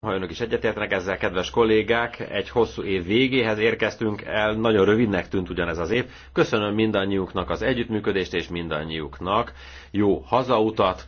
Ha önök is egyetértenek ezzel, kedves kollégák, egy hosszú év végéhez érkeztünk el, nagyon rövidnek tűnt ugyanez az év. Köszönöm mindannyiuknak az együttműködést, és mindannyiuknak jó hazautat,